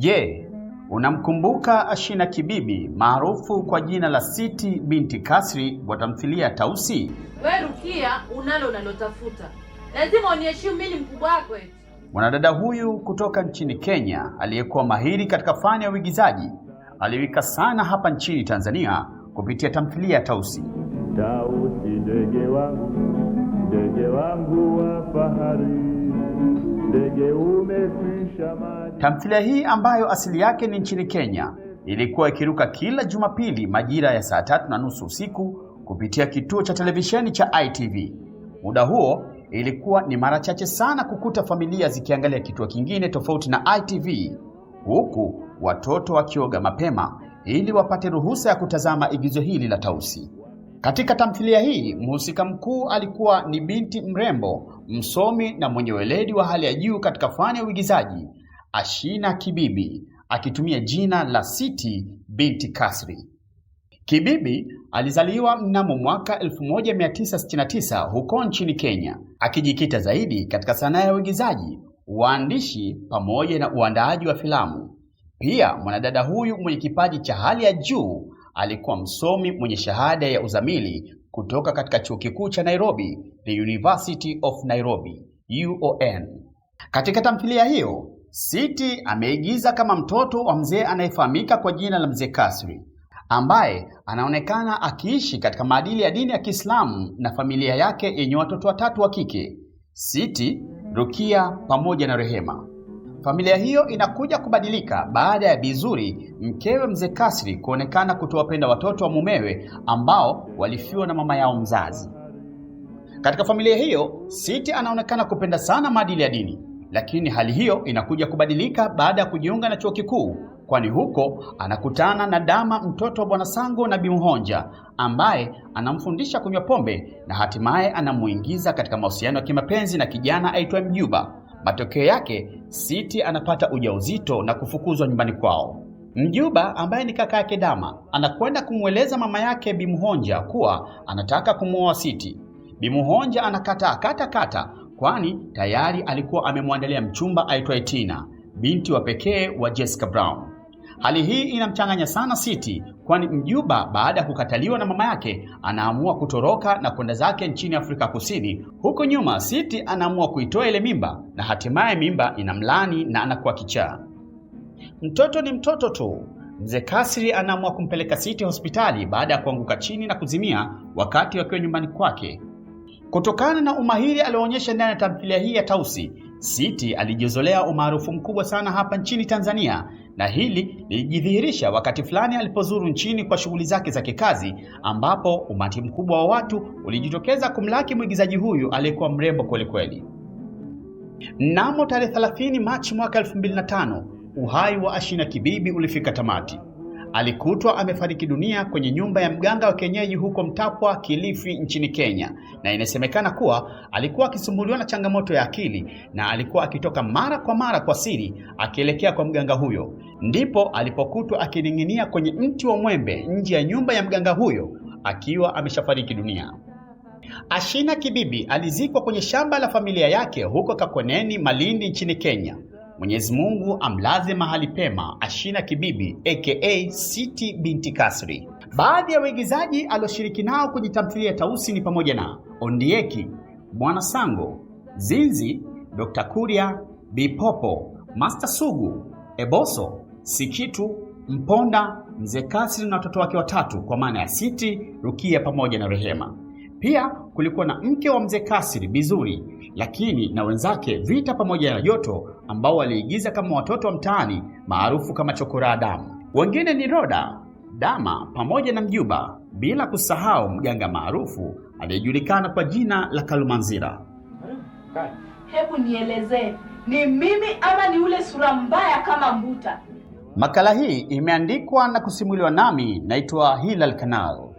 Je, unamkumbuka Ashina Kibibi maarufu kwa jina la Siti binti Kasri wa tamthilia Tausi? We Rukia, unalo unalotafuta, lazima uniheshimu mimi mkubwa wako. Mwanadada huyu kutoka nchini Kenya aliyekuwa mahiri katika fani ya uigizaji aliwika sana hapa nchini Tanzania kupitia tamthilia Tausi. Tausi ndege wangu ndege wangu wa fahari, ndege maji. Tamthilia hii ambayo asili yake ni nchini Kenya ilikuwa ikiruka kila Jumapili majira ya saa tatu na nusu usiku kupitia kituo cha televisheni cha ITV. Muda huo ilikuwa ni mara chache sana kukuta familia zikiangalia kituo kingine tofauti na ITV, huku watoto wakioga mapema ili wapate ruhusa ya kutazama igizo hili la Tausi. Katika tamthilia hii mhusika mkuu alikuwa ni binti mrembo, msomi na mwenye weledi wa hali ya juu katika fani ya uigizaji, Ashina Kibibi, akitumia jina la Siti binti Kasri. Kibibi alizaliwa mnamo mwaka 1969 huko nchini Kenya, akijikita zaidi katika sanaa ya uigizaji, uandishi pamoja na uandaaji wa filamu. Pia mwanadada huyu mwenye kipaji cha hali ya juu alikuwa msomi mwenye shahada ya uzamili kutoka katika chuo kikuu cha Nairobi, the University of Nairobi UON. Katika tamthilia hiyo, Siti ameigiza kama mtoto wa mzee anayefahamika kwa jina la Mzee Kasri ambaye anaonekana akiishi katika maadili ya dini ya Kiislamu na familia yake yenye watoto watatu wa kike, Siti, Rukia pamoja na Rehema. Familia hiyo inakuja kubadilika baada ya Bizuri, mkewe mzee Kasri, kuonekana kutowapenda watoto wa mumewe ambao walifiwa na mama yao mzazi. Katika familia hiyo, Siti anaonekana kupenda sana maadili ya dini, lakini hali hiyo inakuja kubadilika baada ya kujiunga na chuo kikuu, kwani huko anakutana na Dama, mtoto wa Bwana Sango na bimhonja ambaye anamfundisha kunywa pombe na hatimaye anamuingiza katika mahusiano ya kimapenzi na kijana aitwaye Mjuba Matokeo yake Siti anapata ujauzito na kufukuzwa nyumbani kwao. Mjuba ambaye ni kaka yake Dama anakwenda kumweleza mama yake Bimuhonja kuwa anataka kumwoa Siti. Bimuhonja anakataa kata kata, kwani tayari alikuwa amemwandalia mchumba aitwaye Tina, binti wa pekee wa Jessica Brown. Hali hii inamchanganya sana Siti, kwani mjuba baada ya kukataliwa na mama yake anaamua kutoroka na kwenda zake nchini Afrika Kusini. Huko nyuma, Siti anaamua kuitoa ile mimba na hatimaye mimba inamlani na anakuwa kichaa. Mtoto ni mtoto tu. Mzee Kasri anaamua kumpeleka Siti hospitali baada ya kuanguka chini na kuzimia wakati wakiwa nyumbani kwake. Kutokana na umahiri alioonyesha ndani ya tamthilia hii ya Tausi, Siti alijizolea umaarufu mkubwa sana hapa nchini Tanzania na hili lilijidhihirisha wakati fulani alipozuru nchini kwa shughuli zake za kikazi, ambapo umati mkubwa wa watu ulijitokeza kumlaki mwigizaji huyu aliyekuwa mrembo kwelikweli. Mnamo tarehe 30 Machi mwaka 2005, uhai wa Ashina Kibibi ulifika tamati alikutwa amefariki dunia kwenye nyumba ya mganga wa kienyeji huko Mtapwa, Kilifi nchini Kenya, na inasemekana kuwa alikuwa akisumbuliwa na changamoto ya akili na alikuwa akitoka mara kwa mara kwa siri akielekea kwa mganga huyo. Ndipo alipokutwa akining'inia kwenye mti wa mwembe nje ya nyumba ya mganga huyo akiwa ameshafariki dunia. Ashina Kibibi alizikwa kwenye shamba la familia yake huko Kakoneni, Malindi nchini Kenya. Mwenyezi Mungu amlaze mahali pema Ashina Kibibi aka Siti binti Kasri. Baadhi ya waigizaji alioshiriki nao kwenye tamthilia Tausi ni pamoja na Ondieki, Mwana Sango, Zinzi, Dr. Kuria, Bipopo, Master Sugu, Eboso, Sikitu, Mponda, Mzee Kasri na watoto wake watatu kwa maana ya Siti, Rukia pamoja na Rehema. Pia kulikuwa na mke wa Mzee Kasri Bizuri lakini na wenzake Vita pamoja na Joto ambao waliigiza kama watoto wa mtaani maarufu kama chokoraa damu. Wengine ni Roda, Dama pamoja na Mjuba, bila kusahau mganga maarufu aliyejulikana kwa jina la Kalumanzira. Hebu nielezee, ni mimi ama ni ule sura mbaya kama Mbuta? Makala hii imeandikwa na kusimuliwa nami, naitwa Hilal Kanal.